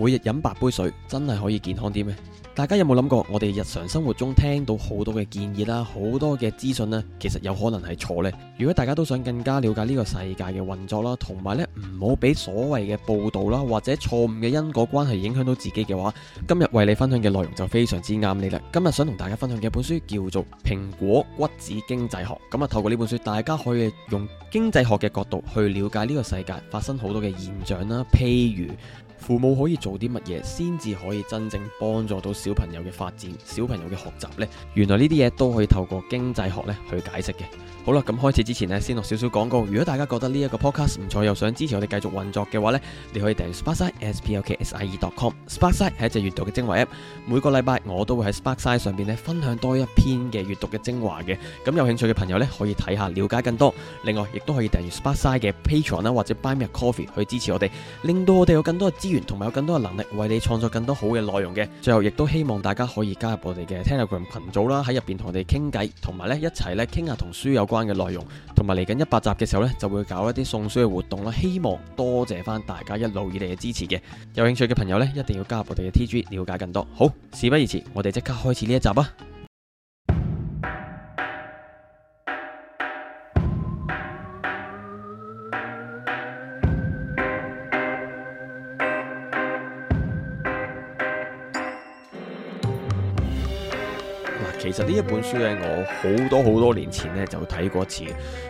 每日飲八杯水真係可以健康啲咩？大家有冇諗過？我哋日常生活中聽到好多嘅建議啦，好多嘅資訊呢？其實有可能係錯呢。如果大家都想更加了解呢個世界嘅運作啦，同埋咧唔好俾所謂嘅報道啦或者錯誤嘅因果關係影響到自己嘅話，今日為你分享嘅內容就非常之啱你啦。今日想同大家分享嘅一本書叫做《蘋果骨子經濟學》。咁啊，透過呢本書，大家可以用經濟學嘅角度去了解呢個世界發生好多嘅現象啦，譬如。父母可以做啲乜嘢先至可以真正幫助到小朋友嘅發展、小朋友嘅學習呢？原來呢啲嘢都可以透過經濟學咧去解釋嘅。好啦，咁開始之前呢，先落少少廣告。如果大家覺得呢一個 podcast 唔錯，又想支持我哋繼續運作嘅話呢，你可以訂閱 Sparksine.com SP Sp。Sparksine 係一隻閱讀嘅精華 app。每個禮拜我都會喺 Sparksine 上邊呢，分享多一篇嘅閱讀嘅精華嘅。咁有興趣嘅朋友呢，可以睇下了解更多。另外，亦都可以訂閱 Sparksine 嘅 Patreon 啦，或者 Buy Me A Coffee 去支持我哋，令到我哋有更多嘅資源同埋有更多嘅能力，為你創作更多好嘅內容嘅。最後，亦都希望大家可以加入我哋嘅 Telegram 羣組啦，喺入邊同我哋傾偈，同埋呢一齊咧傾下同書有關嘅內容，同埋嚟緊一百集嘅時候呢，就會搞一啲送書嘅活動啦。希望多謝翻大家一路以嚟嘅支持嘅，有興趣嘅朋友呢，一定要加入我哋嘅 TG，了解更多。好，事不宜遲，我哋即刻開始呢一集啊！其實呢一本書咧，我好多好多年前呢就睇過一次，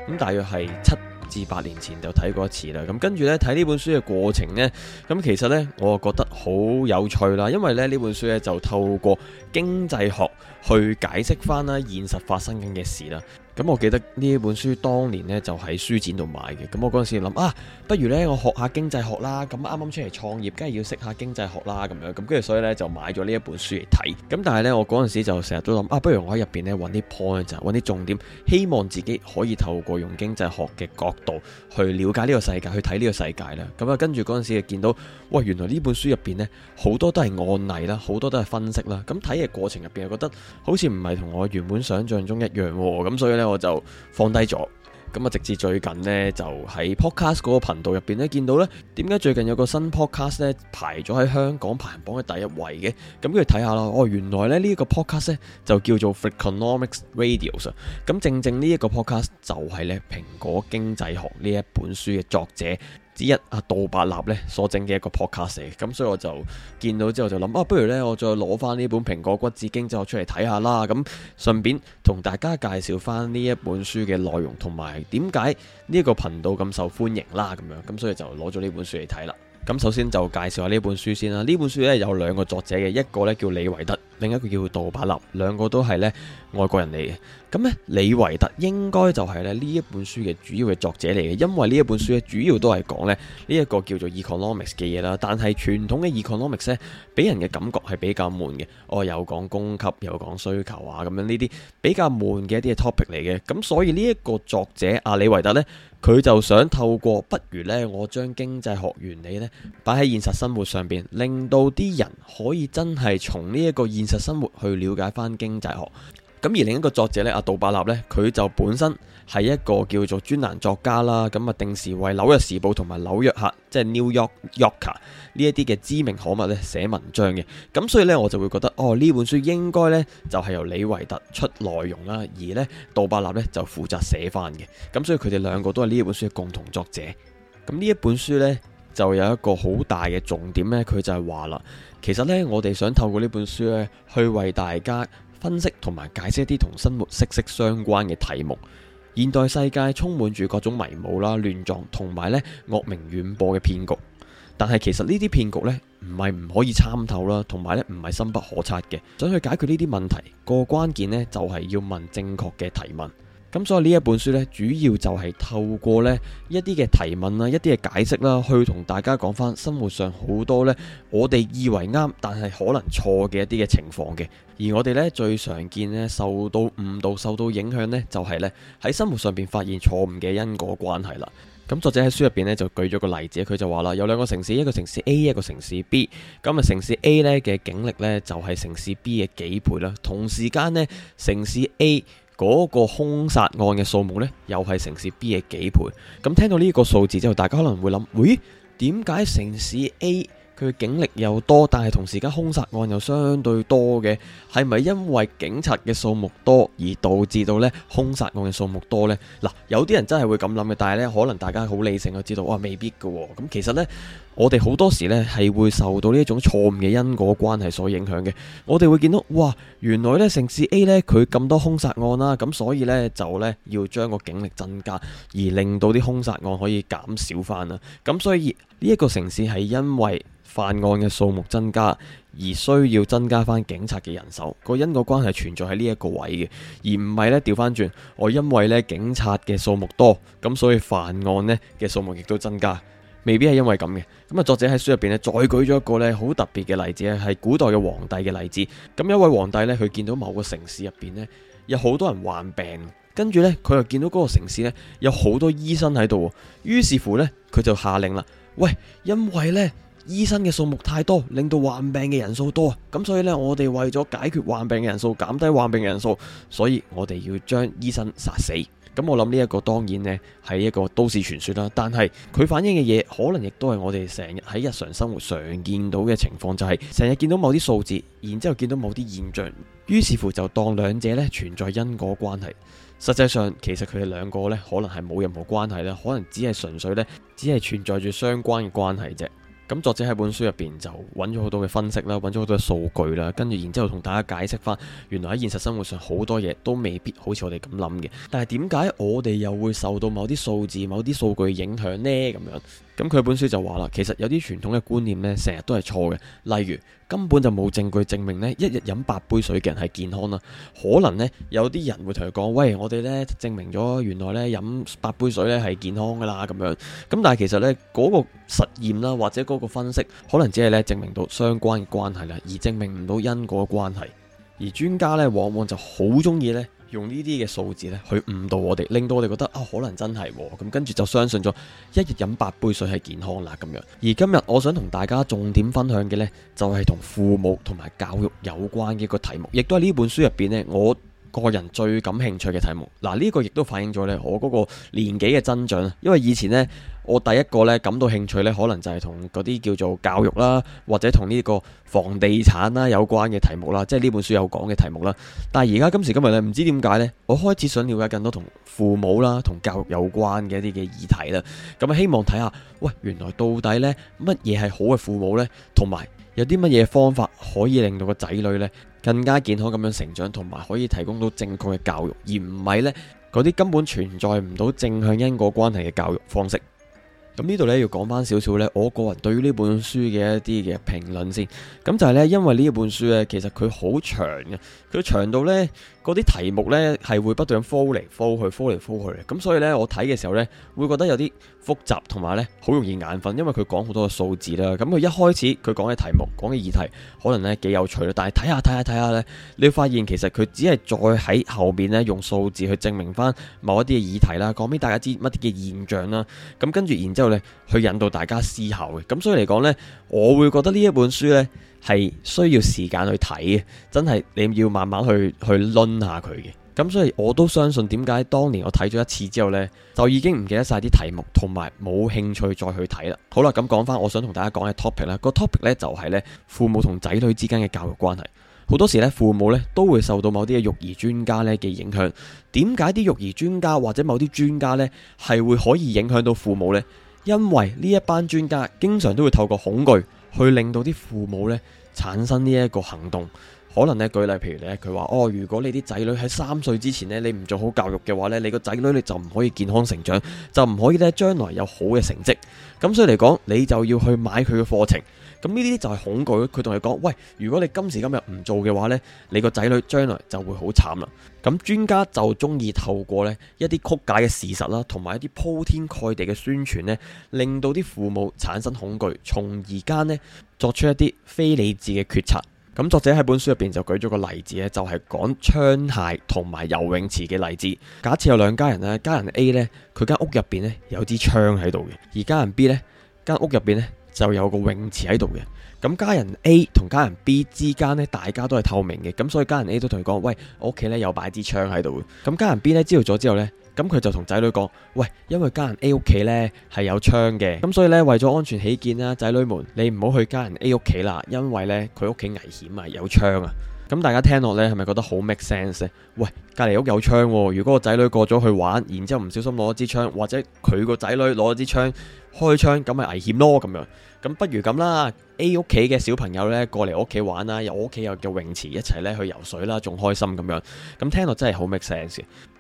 咁大約係七至八年前就睇過一次啦。咁跟住呢睇呢本書嘅過程呢，咁其實呢，我就覺得好有趣啦，因為呢呢本書呢就透過經濟學去解釋翻啦現實發生緊嘅事啦。咁我記得呢一本書當年呢，就喺書展度買嘅，咁我嗰陣時諗啊，不如呢，我學下經濟學啦，咁啱啱出嚟創業，梗係要識下經濟學啦，咁樣，咁跟住所以呢，就買咗呢一本書嚟睇，咁但係呢，我嗰陣時就成日都諗啊，不如我喺入邊呢，揾啲 point 就揾啲重點，希望自己可以透過用經濟學嘅角度去了解呢個世界，去睇呢個世界啦。咁啊跟住嗰陣時就見到，哇，原來呢本書入邊呢，好多都係案例啦，好多都係分析啦，咁睇嘅過程入邊又覺得好似唔係同我原本想象中一樣，咁所以呢。我就放低咗，咁啊，直至最近呢，就喺 podcast 嗰個頻道入邊咧，見到呢，點解最近有個新 podcast 咧排咗喺香港排行榜嘅第一位嘅？咁跟住睇下啦，哦，原來咧呢一個 podcast 咧就叫做 Freakonomics Radio 啊，咁正正呢一個 podcast 就係咧《蘋果經濟學》呢一本書嘅作者，之一，阿杜伯納呢所整嘅一個 podcast，咁所以我就見到之後就諗啊，不如呢，我再攞翻呢本《蘋果橘子經》之後出嚟睇下啦，咁順便同大家介紹翻呢一本書嘅內容同埋點解呢一個頻道咁受歡迎啦，咁樣咁所以就攞咗呢本書嚟睇啦。咁首先就介紹下呢本書先啦，呢本書呢，有兩個作者嘅，一個呢叫李維特。另一個叫杜巴納，兩個都係咧外國人嚟嘅。咁呢，李維特應該就係咧呢一本書嘅主要嘅作者嚟嘅，因為呢一本書嘅主要都係講咧呢一、這個叫做 economics 嘅嘢啦。但係傳統嘅 economics 咧，俾人嘅感覺係比較悶嘅。我、哦、有講供給，有講需求啊，咁樣呢啲比較悶嘅一啲嘅 topic 嚟嘅。咁所以呢一個作者阿李維特呢，佢就想透過不如呢我將經濟學原理呢擺喺現實生活上面，令到啲人可以真係從呢一個現實其實生活去了解翻經濟學，咁而另一個作者咧，阿杜伯納咧，佢就本身係一個叫做專欄作家啦，咁啊定時為《紐約時報》同埋《紐約客》即係、就是、New York Yorker 呢一啲嘅知名刊物咧寫文章嘅，咁所以咧我就會覺得哦呢本書應該咧就係由李維特出內容啦，而呢，杜伯納咧就負責寫翻嘅，咁所以佢哋兩個都係呢一本書嘅共同作者，咁呢一本書咧。就有一個好大嘅重點呢，佢就係話啦，其實呢，我哋想透過呢本書呢，去為大家分析同埋解釋一啲同生活息息相關嘅題目。現代世界充滿住各種迷霧啦、亂撞同埋呢惡名遠播嘅騙局，但係其實呢啲騙局呢，唔係唔可以參透啦，同埋呢唔係深不可測嘅。想去解決呢啲問題，個關鍵呢，就係要問正確嘅提問。咁所以呢一本書呢，主要就係透過呢一啲嘅提問啊，一啲嘅解釋啦，去同大家講翻生活上好多呢我哋以為啱，但係可能錯嘅一啲嘅情況嘅。而我哋呢最常見呢受到誤導、受到影響呢，就係呢喺生活上邊發現錯誤嘅因果關係啦。咁作者喺書入邊呢，就舉咗個例子，佢就話啦，有兩個城市，一個城市 A，一個城市 B, 城市城市 B。咁啊，城市 A 呢嘅警力呢，就係城市 B 嘅幾倍啦。同時間呢，城市 A。嗰個兇殺案嘅數目呢，又係城市 B 嘅幾倍。咁聽到呢個數字之後，大家可能會諗：「喂，點解城市 A 佢警力又多，但係同時間兇殺案又相對多嘅？係咪因為警察嘅數目多而導致到呢兇殺案嘅數目多呢？嗱，有啲人真係會咁諗嘅，但係呢，可能大家好理性就知道，哇，未必嘅，哦。咁其實呢。我哋好多時咧，係會受到呢一種錯誤嘅因果關係所影響嘅。我哋會見到哇，原來咧城市 A 咧佢咁多兇殺案啦，咁所以呢，就呢要將個警力增加，而令到啲兇殺案可以減少翻啦。咁所以呢一個城市係因為犯案嘅數目增加而需要增加翻警察嘅人手。個因果關係存在喺呢一個位嘅，而唔係呢調翻轉，我因為呢警察嘅數目多，咁所以犯案呢嘅數目亦都增加。未必係因為咁嘅。咁啊作者喺書入邊咧再舉咗一個咧好特別嘅例子咧，係古代嘅皇帝嘅例子。咁一位皇帝咧，佢見到某個城市入邊呢，有好多人患病，跟住呢，佢又見到嗰個城市呢，有好多醫生喺度，於是乎呢，佢就下令啦，喂，因為呢醫生嘅數目太多，令到患病嘅人數多，咁所以呢，我哋為咗解決患病嘅人數，減低患病嘅人數，所以我哋要將醫生殺死。咁我諗呢一個當然呢係一個都市傳說啦，但係佢反映嘅嘢可能亦都係我哋成日喺日常生活常見到嘅情況，就係成日見到某啲數字，然之後見到某啲現象，於是乎就當兩者呢存在因果關係。實際上，其實佢哋兩個呢可能係冇任何關係啦，可能只係純粹呢，只係存在住相關嘅關係啫。咁作者喺本書入邊就揾咗好多嘅分析啦，揾咗好多嘅數據啦，然後然後跟住然之後同大家解釋翻，原來喺現實生活上好多嘢都未必好似我哋咁諗嘅，但係點解我哋又會受到某啲數字、某啲數據影響呢？咁樣。咁佢本書就話啦，其實有啲傳統嘅觀念呢，成日都係錯嘅。例如根本就冇證據證明呢一日飲八杯水嘅人係健康啦。可能呢，有啲人會同佢講，喂，我哋呢證明咗原來呢飲八杯水呢係健康噶啦咁樣。咁但係其實呢嗰個實驗啦，或者嗰個分析，可能只係呢證明到相關嘅關係啦，而證明唔到因果嘅關係。而專家呢，往往就好中意呢，用呢啲嘅數字咧，去誤導我哋，令到我哋覺得啊、哦，可能真係咁、哦，跟住就相信咗一日飲八杯水係健康啦咁樣。而今日我想同大家重點分享嘅呢，就係、是、同父母同埋教育有關嘅一個題目，亦都係呢本書入邊呢。我。個人最感興趣嘅題目，嗱、這、呢個亦都反映咗呢，我嗰個年紀嘅增長。因為以前呢，我第一個呢，感到興趣呢，可能就係同嗰啲叫做教育啦，或者同呢個房地產啦有關嘅題目啦，即係呢本書有講嘅題目啦。但係而家今時今日呢，唔知點解呢，我開始想了解更多同父母啦、同教育有關嘅一啲嘅議題啦。咁啊，希望睇下，喂，原來到底呢，乜嘢係好嘅父母呢？同埋有啲乜嘢方法可以令到個仔女呢？更加健康咁樣成長，同埋可以提供到正確嘅教育，而唔係呢嗰啲根本存在唔到正向因果關係嘅教育方式。咁呢度呢，要講翻少少呢，我個人對於呢本書嘅一啲嘅評論先。咁就係呢，因為呢一本書呢，其實佢好長嘅，佢長度呢。嗰啲題目呢係會不斷咁 follow 嚟 follow 去 follow 嚟 follow 去嘅，咁所以呢，我睇嘅時候呢，會覺得有啲複雜同埋呢好容易眼瞓，因為佢講好多嘅數字啦。咁佢一開始佢講嘅題目、講嘅議題可能呢幾有趣，但係睇下睇下睇下呢，你會發現其實佢只係再喺後邊呢用數字去證明翻某一啲嘅議題啦，講俾大家知乜啲嘅現象啦。咁跟住然之後呢去引導大家思考嘅。咁所以嚟講呢，我會覺得呢一本書呢。係需要時間去睇嘅，真係你要慢慢去去輪下佢嘅。咁所以我都相信，點解當年我睇咗一次之後呢，就已經唔記得晒啲題目，同埋冇興趣再去睇啦。好啦，咁講翻我想同大家講嘅 topic 啦。個 topic 呢就係呢，父母同仔女之間嘅教育關係。好多時呢，父母呢都會受到某啲嘅育兒專家呢嘅影響。點解啲育兒專家或者某啲專家呢係會可以影響到父母呢？因為呢一班專家經常都會透過恐懼。去令到啲父母呢產生呢一個行動，可能呢舉例，譬如呢佢話：哦，如果你啲仔女喺三歲之前呢，你唔做好教育嘅話呢，你個仔女你就唔可以健康成長，就唔可以呢將來有好嘅成績。咁所以嚟講，你就要去買佢嘅課程。咁呢啲就係恐懼，佢同你講，喂，如果你今時今日唔做嘅話呢，你個仔女將來就會好慘啦。咁專家就中意透過呢一啲曲解嘅事實啦，同埋一啲鋪天蓋地嘅宣傳呢，令到啲父母產生恐懼，從而間呢作出一啲非理智嘅決策。咁作者喺本書入邊就舉咗個例子咧，就係講槍械同埋游泳池嘅例子。假設有兩家人啦，家人 A 呢，佢間屋入邊呢有支槍喺度嘅，而家人 B 呢，間屋入邊呢。就有個泳池喺度嘅，咁家人 A 同家人 B 之間咧，大家都係透明嘅，咁所以家人 A 都同佢講，喂，我屋企呢有擺支槍喺度。咁家人 B 咧知道咗之後呢，咁佢就同仔女講，喂，因為家人 A 屋企呢係有槍嘅，咁所以呢，為咗安全起見啦，仔女們，你唔好去家人 A 屋企啦，因為呢，佢屋企危險啊，有槍啊。咁大家聽落呢，係咪覺得好 make sense？喂，隔籬屋有槍，啊，如果個仔女過咗去玩，然之後唔小心攞支槍，或者佢個仔女攞支槍開槍，咁咪危險咯咁樣。咁不如咁啦，A 屋企嘅小朋友呢，過嚟我屋企玩啦，又我屋企又叫泳池，一齊呢去游水啦，仲開心咁樣。咁聽落真係好 make sense。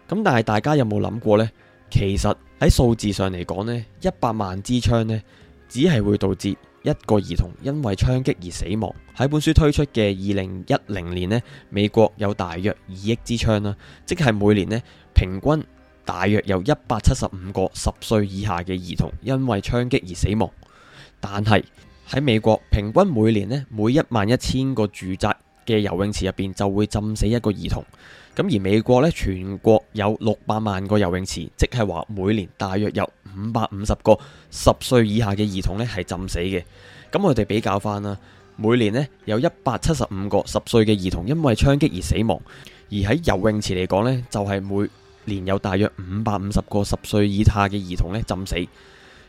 咁但係大家有冇諗過呢？其實喺數字上嚟講呢，一百萬支槍呢，只係會導致。一個兒童因為槍擊而死亡，喺本書推出嘅二零一零年呢，美國有大約二億支槍啦，即係每年咧平均大約有一百七十五個十歲以下嘅兒童因為槍擊而死亡，但係喺美國平均每年咧每一萬一千個住宅，嘅游泳池入邊就會浸死一個兒童，咁而美國呢，全國有六百萬個游泳池，即係話每年大約有五百五十個十歲以下嘅兒童咧係浸死嘅。咁我哋比較翻啦，每年呢有一百七十五個十歲嘅兒童因為槍擊而死亡，而喺游泳池嚟講呢，就係每年有大約五百五十個十歲以下嘅兒童呢浸死。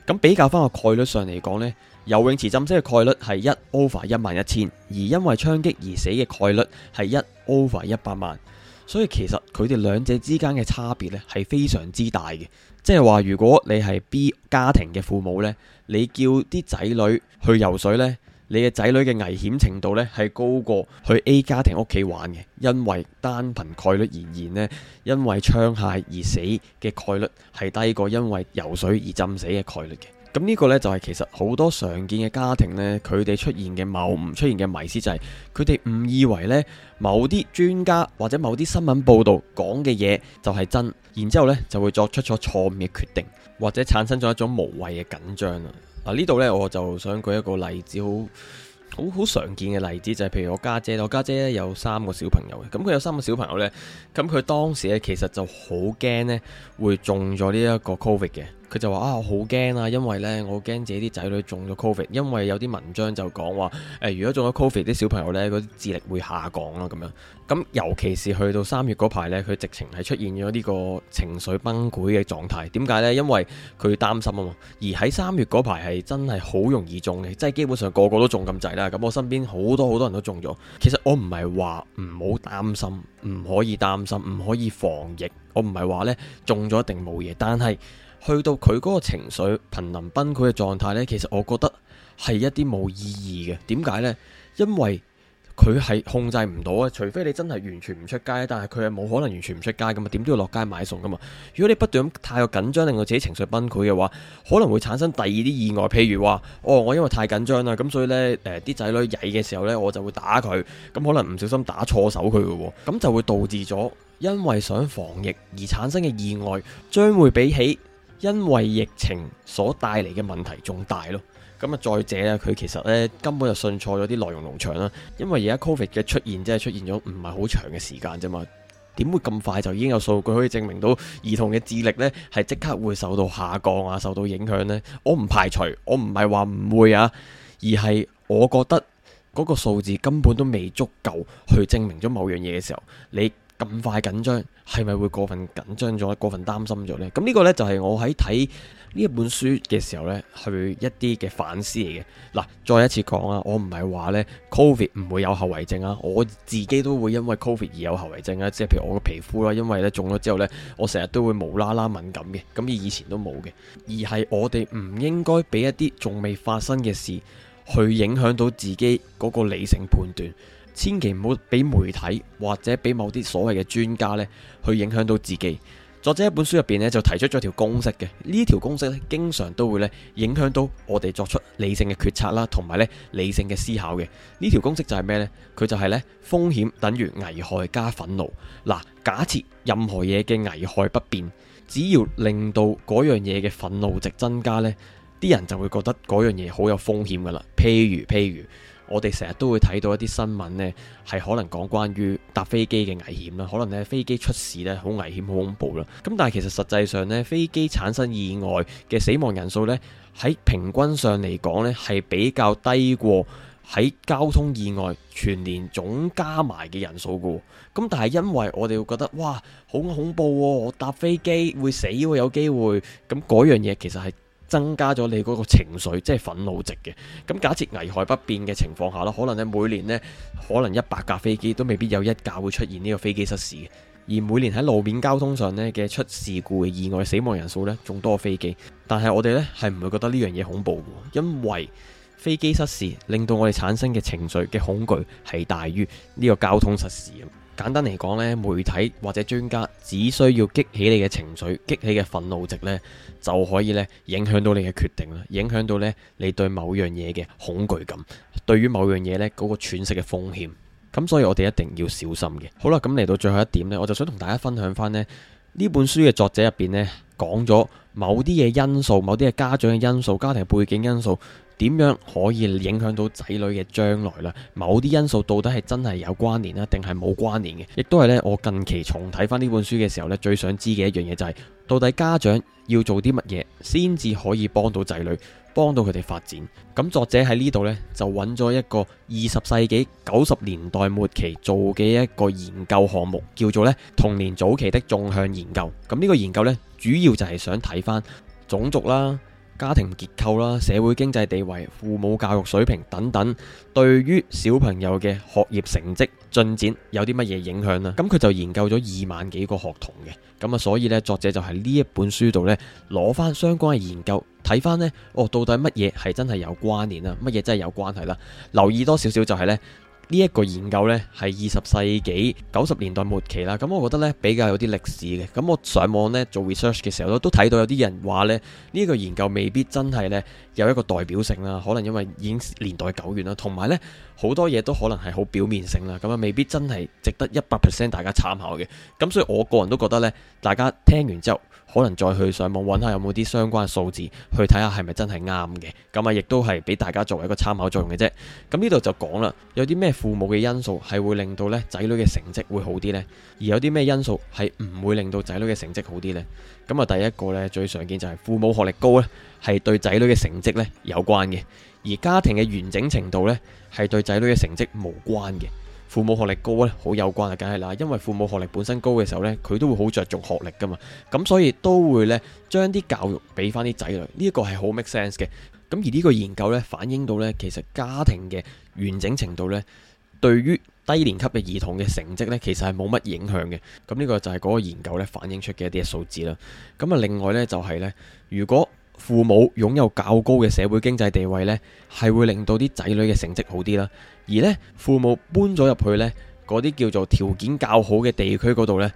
咁比較翻個概率上嚟講呢。游泳池浸死嘅概率係一 over 一萬一千，11, 000, 而因為槍擊而死嘅概率係一 over 一百萬，所以其實佢哋兩者之間嘅差別呢係非常之大嘅。即係話，如果你係 B 家庭嘅父母呢，你叫啲仔女去游水呢，你嘅仔女嘅危險程度呢係高過去 A 家庭屋企玩嘅，因為單憑概率而言呢，因為槍械而死嘅概率係低過因為游水而浸死嘅概率嘅。咁呢個呢，就係其實好多常見嘅家庭呢，佢哋出現嘅謬誤、出現嘅迷思就係佢哋誤以為呢某啲專家或者某啲新聞報道講嘅嘢就係真，然之後呢就會作出咗錯誤嘅決定，或者產生咗一種無謂嘅緊張啦。嗱呢度呢，我就想舉一個例子，好好好常見嘅例子就係譬如我家姐，我家姐有三個小朋友嘅，咁佢有三個小朋友呢，咁佢當時呢其實就好驚呢會中咗呢一個 COVID 嘅。佢就話啊，好驚啊！因為呢，我驚自己啲仔女中咗 Covid，因為有啲文章就講話，誒、呃，如果中咗 Covid，啲小朋友呢嗰啲智力會下降啦、啊，咁樣，咁尤其是去到三月嗰排呢，佢直情係出現咗呢個情緒崩潰嘅狀態。點解呢？因為佢擔心啊嘛。而喺三月嗰排係真係好容易中嘅，即係基本上個個都中咁滯啦。咁我身邊好多好多人都中咗。其實我唔係話唔好擔心，唔可以擔心，唔可以防疫。我唔係話呢，中咗一定冇嘢，但係。去到佢嗰個情緒瀕臨崩潰嘅狀態呢，其實我覺得係一啲冇意義嘅。點解呢？因為佢係控制唔到啊，除非你真係完全唔出街，但係佢係冇可能完全唔出街，咁啊點都要落街買餸噶嘛。如果你不斷咁太過緊張，令到自己情緒崩潰嘅話，可能會產生第二啲意外，譬如話哦，我因為太緊張啦，咁所以呢誒，啲仔女曳嘅時候呢，我就會打佢，咁可能唔小心打錯手佢嘅，咁就會導致咗因為想防疫而產生嘅意外，將會比起。因為疫情所帶嚟嘅問題仲大咯，咁啊再者咧，佢其實咧根本就信錯咗啲內容農場啦。因為而家 Covid 嘅出現，真係出現咗唔係好長嘅時間啫嘛，點會咁快就已經有數據可以證明到兒童嘅智力呢係即刻會受到下降啊，受到影響呢？我唔排除，我唔係話唔會啊，而係我覺得嗰個數字根本都未足夠去證明咗某樣嘢嘅時候，你，咁快緊張，係咪會過分緊張咗、過分擔心咗呢？咁呢個呢，就係、是、我喺睇呢一本書嘅時候呢，去一啲嘅反思嚟嘅。嗱，再一次講啊，我唔係話呢，Covid 唔會有後遺症啊，我自己都會因為 Covid 而有後遺症啊，即係譬如我嘅皮膚啦，因為呢中咗之後呢，我成日都會無啦啦敏感嘅，咁以前都冇嘅。而係我哋唔應該俾一啲仲未發生嘅事，去影響到自己嗰個理性判斷。千祈唔好俾媒體或者俾某啲所謂嘅專家呢去影響到自己。作者一本書入邊呢就提出咗條公式嘅，呢條公式呢，經常都會呢影響到我哋作出理性嘅決策啦，同埋呢理性嘅思考嘅。呢條公式就係咩呢？佢就係呢：風險等於危害加憤怒。嗱，假設任何嘢嘅危害不變，只要令到嗰樣嘢嘅憤怒值增加呢。啲人就會覺得嗰樣嘢好有風險噶啦，譬如譬如，我哋成日都會睇到一啲新聞呢係可能講關於搭飛機嘅危險啦，可能呢飛機出事呢，好危險好恐怖啦。咁但係其實實際上呢，飛機產生意外嘅死亡人數呢，喺平均上嚟講呢，係比較低過喺交通意外全年總加埋嘅人數噶。咁但係因為我哋會覺得哇，好恐怖喎，我搭飛機會死喎，有機會咁嗰樣嘢其實係，增加咗你嗰個情緒，即係憤怒值嘅。咁假設危害不變嘅情況下啦，可能咧每年咧可能一百架飛機都未必有一架會出現呢個飛機失事嘅。而每年喺路面交通上咧嘅出事故嘅意外死亡人數咧仲多過飛機。但係我哋咧係唔會覺得呢樣嘢恐怖嘅，因為飛機失事令到我哋產生嘅情緒嘅恐懼係大於呢個交通失事。簡單嚟講呢媒體或者專家只需要激起你嘅情緒，激起嘅憤怒值呢就可以呢影響到你嘅決定啦，影響到呢你對某樣嘢嘅恐懼感，對於某樣嘢呢嗰個喘息嘅風險。咁所以我哋一定要小心嘅。好啦，咁嚟到最後一點呢，我就想同大家分享翻呢呢本書嘅作者入邊呢講咗。某啲嘢因素，某啲嘅家長嘅因素、家庭背景因素，點樣可以影響到仔女嘅將來啦？某啲因素到底係真係有關聯啊定係冇關聯嘅？亦都係咧，我近期重睇翻呢本書嘅時候咧，最想知嘅一樣嘢就係到底家長要做啲乜嘢先至可以幫到仔女，幫到佢哋發展？咁作者喺呢度咧，就揾咗一個二十世紀九十年代末期做嘅一個研究項目，叫做咧，童年早期的縱向研究。咁呢個研究咧。主要就係想睇翻種族啦、家庭結構啦、社會經濟地位、父母教育水平等等，對於小朋友嘅學業成績進展有啲乜嘢影響啊？咁佢就研究咗二萬幾個學童嘅，咁啊，所以呢，作者就喺呢一本書度呢，攞翻相關嘅研究，睇翻呢：「哦，到底乜嘢係真係有關聯啊？乜嘢真係有關係啦？」留意多少少就係呢。呢一個研究呢，係二十世紀九十年代末期啦，咁我覺得呢，比較有啲歷史嘅。咁我上網呢做 research 嘅時候都都睇到有啲人話呢，呢，呢一個研究未必真係呢，有一個代表性啦，可能因為已經年代久遠啦，同埋呢好多嘢都可能係好表面性啦，咁啊未必真係值得一百 percent 大家參考嘅。咁所以我個人都覺得呢，大家聽完之後，可能再去上網揾下有冇啲相關嘅數字，去睇下係咪真係啱嘅。咁啊，亦都係俾大家作為一個參考作用嘅啫。咁呢度就講啦，有啲咩父母嘅因素係會令到呢仔女嘅成績會好啲呢？而有啲咩因素係唔會令到仔女嘅成績好啲呢？咁啊，第一個呢，最常見就係父母學歷高呢，係對仔女嘅成績呢有關嘅，而家庭嘅完整程度呢，係對仔女嘅成績無關嘅。父母學歷高咧，好有關啊，梗係啦，因為父母學歷本身高嘅時候咧，佢都會好着重學歷噶嘛，咁所以都會咧將啲教育俾翻啲仔女，呢一個係好 make sense 嘅。咁而呢個研究咧反映到咧，其實家庭嘅完整程度咧，對於低年級嘅兒童嘅成績咧，其實係冇乜影響嘅。咁呢個就係嗰個研究咧反映出嘅一啲數字啦。咁啊，另外咧就係咧，如果父母擁有較高嘅社會經濟地位呢，係會令到啲仔女嘅成績好啲啦。而呢，父母搬咗入去呢嗰啲叫做條件較好嘅地區嗰度呢，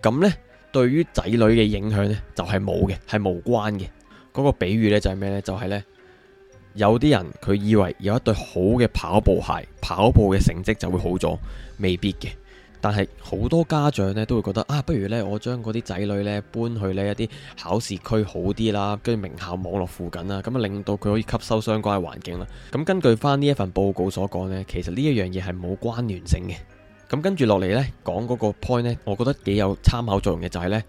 咁呢對於仔女嘅影響呢就係冇嘅，係無關嘅。嗰個比喻呢就係咩呢？就係呢：有啲人佢以為有一對好嘅跑步鞋，跑步嘅成績就會好咗，未必嘅。但係好多家長呢都會覺得啊，不如呢我將嗰啲仔女呢搬去呢一啲考試區好啲啦，跟住名校網絡附近啦，咁、嗯、啊令到佢可以吸收相關嘅環境啦。咁、嗯、根據翻呢一份報告所講呢，其實、嗯、呢一樣嘢係冇關聯性嘅。咁跟住落嚟呢講嗰個 point 呢，我覺得幾有參考作用嘅，就係呢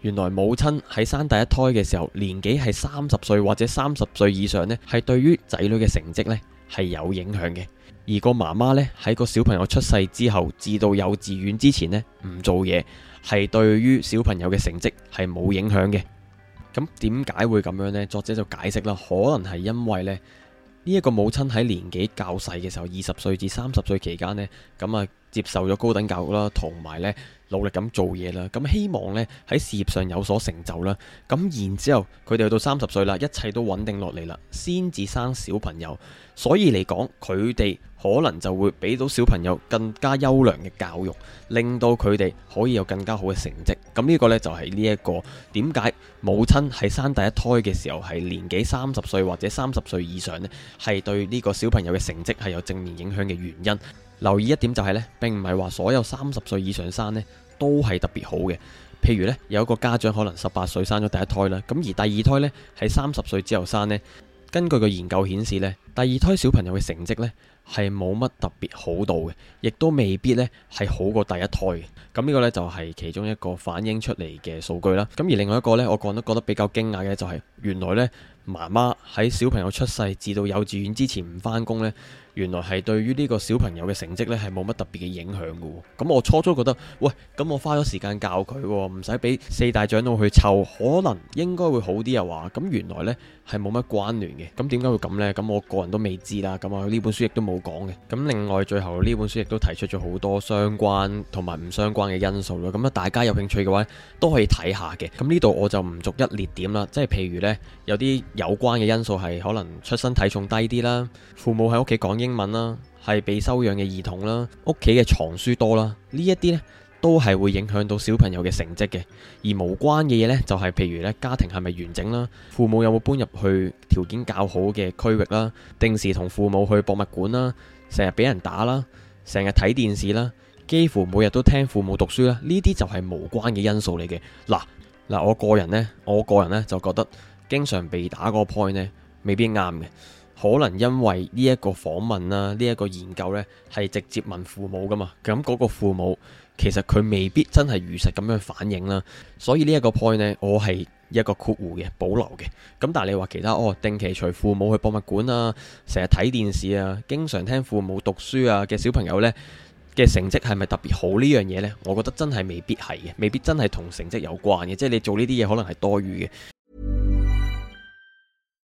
原來母親喺生第一胎嘅時候年紀係三十歲或者三十歲以上呢，係對於仔女嘅成績呢係有影響嘅。而個媽媽呢，喺個小朋友出世之後至到幼稚園之前呢，唔做嘢，係對於小朋友嘅成績係冇影響嘅。咁點解會咁樣呢？作者就解釋啦，可能係因為呢，呢一個母親喺年紀較細嘅時候，二十歲至三十歲期間呢，咁啊接受咗高等教育啦，同埋呢。努力咁做嘢啦，咁希望呢喺事業上有所成就啦。咁然之後佢哋去到三十歲啦，一切都穩定落嚟啦，先至生小朋友。所以嚟講，佢哋可能就會俾到小朋友更加優良嘅教育，令到佢哋可以有更加好嘅成績。咁呢個呢、這個，就係呢一個點解母親喺生第一胎嘅時候係年紀三十歲或者三十歲以上呢，係對呢個小朋友嘅成績係有正面影響嘅原因。留意一點就係、是、呢，並唔係話所有三十歲以上生呢。都係特別好嘅，譬如呢，有一個家長可能十八歲生咗第一胎啦，咁而第二胎呢，喺三十歲之後生呢，根據個研究顯示呢，第二胎小朋友嘅成績呢，係冇乜特別好到嘅，亦都未必呢係好過第一胎嘅，咁呢個呢，就係其中一個反映出嚟嘅數據啦。咁而另外一個呢，我個人都覺得比較驚訝嘅就係原來呢。媽媽喺小朋友出世至到幼稚園之前唔返工呢，原來係對於呢個小朋友嘅成績呢，係冇乜特別嘅影響噶。咁我初初覺得，喂，咁我花咗時間教佢，唔使俾四大長老去湊，可能應該會好啲又話，咁原來呢係冇乜關聯嘅。咁點解會咁呢？咁我個人都未知啦。咁啊，呢本書亦都冇講嘅。咁另外，最後呢本書亦都提出咗好多相關同埋唔相關嘅因素咯。咁啊，大家有興趣嘅話都可以睇下嘅。咁呢度我就唔逐一列點啦，即係譬如呢有啲。有關嘅因素係可能出生體重低啲啦，父母喺屋企講英文啦，係被收養嘅兒童啦，屋企嘅藏書多啦，呢一啲呢都係會影響到小朋友嘅成績嘅。而無關嘅嘢呢，就係譬如呢家庭係咪完整啦，父母有冇搬入去條件較好嘅區域啦，定時同父母去博物館啦，成日俾人打啦，成日睇電視啦，幾乎每日都聽父母讀書啦，呢啲就係無關嘅因素嚟嘅。嗱嗱，我個人呢，我個人呢就覺得。經常被打個 point 呢，未必啱嘅，可能因為呢一個訪問啦、啊，呢、這、一個研究呢，係直接問父母㗎嘛，咁嗰個父母其實佢未必真係如實咁樣反應啦、啊，所以呢一個 point 呢，我係一個括弧嘅保留嘅。咁但係你話其他哦，定期隨父母去博物館啊，成日睇電視啊，經常聽父母讀書啊嘅小朋友呢，嘅成績係咪特別好呢樣嘢呢？我覺得真係未必係嘅，未必真係同成績有關嘅，即係你做呢啲嘢可能係多餘嘅。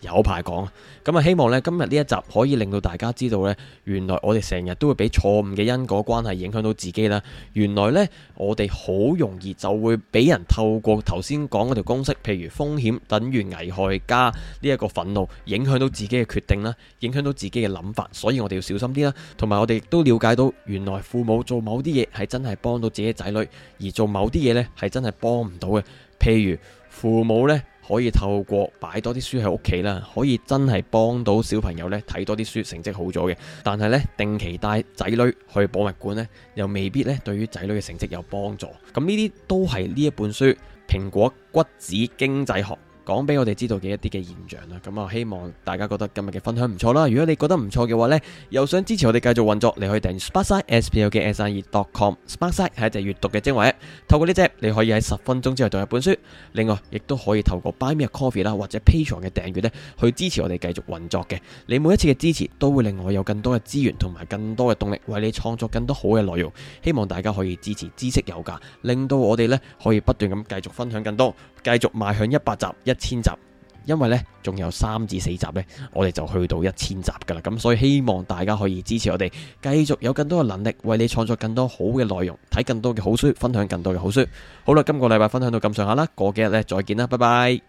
有排講，咁啊，希望咧今日呢一集可以令到大家知道呢，原來我哋成日都會俾錯誤嘅因果關係影響到自己啦。原來呢，我哋好容易就會俾人透過頭先講嗰條公式，譬如風險等於危害加呢一個憤怒，影響到自己嘅決定啦，影響到自己嘅諗法。所以我哋要小心啲啦。同埋我哋亦都了解到，原來父母做某啲嘢係真係幫到自己仔女，而做某啲嘢呢係真係幫唔到嘅。譬如父母呢。可以透過擺多啲書喺屋企啦，可以真係幫到小朋友呢睇多啲書，成績好咗嘅。但係呢，定期帶仔女去博物館呢，又未必呢對於仔女嘅成績有幫助。咁呢啲都係呢一本書《蘋果骨子經濟學》。講俾我哋知道嘅一啲嘅現象啦，咁啊，希望大家覺得今日嘅分享唔錯啦。如果你覺得唔錯嘅話呢，又想支持我哋繼續運作，你可以訂 s p a r s i d e a s b o 嘅 s r e c o m s p a r k s i 係一隻閱讀嘅精華，透過呢隻你可以喺十分鐘之內讀一本書。另外，亦都可以透過 buymeacoffee 啦或者 pay 傳嘅訂閱呢去支持我哋繼續運作嘅。你每一次嘅支持都會令我有更多嘅資源同埋更多嘅動力，為你創作更多好嘅內容。希望大家可以支持知識有價，令到我哋呢可以不斷咁繼續分享更多。繼續邁向一百集，一千集，因為呢仲有三至四集呢，我哋就去到一千集噶啦。咁所以希望大家可以支持我哋，繼續有更多嘅能力為你創作更多好嘅內容，睇更多嘅好書，分享更多嘅好書。好啦，今個禮拜分享到咁上下啦，過幾日呢，再見啦，拜拜。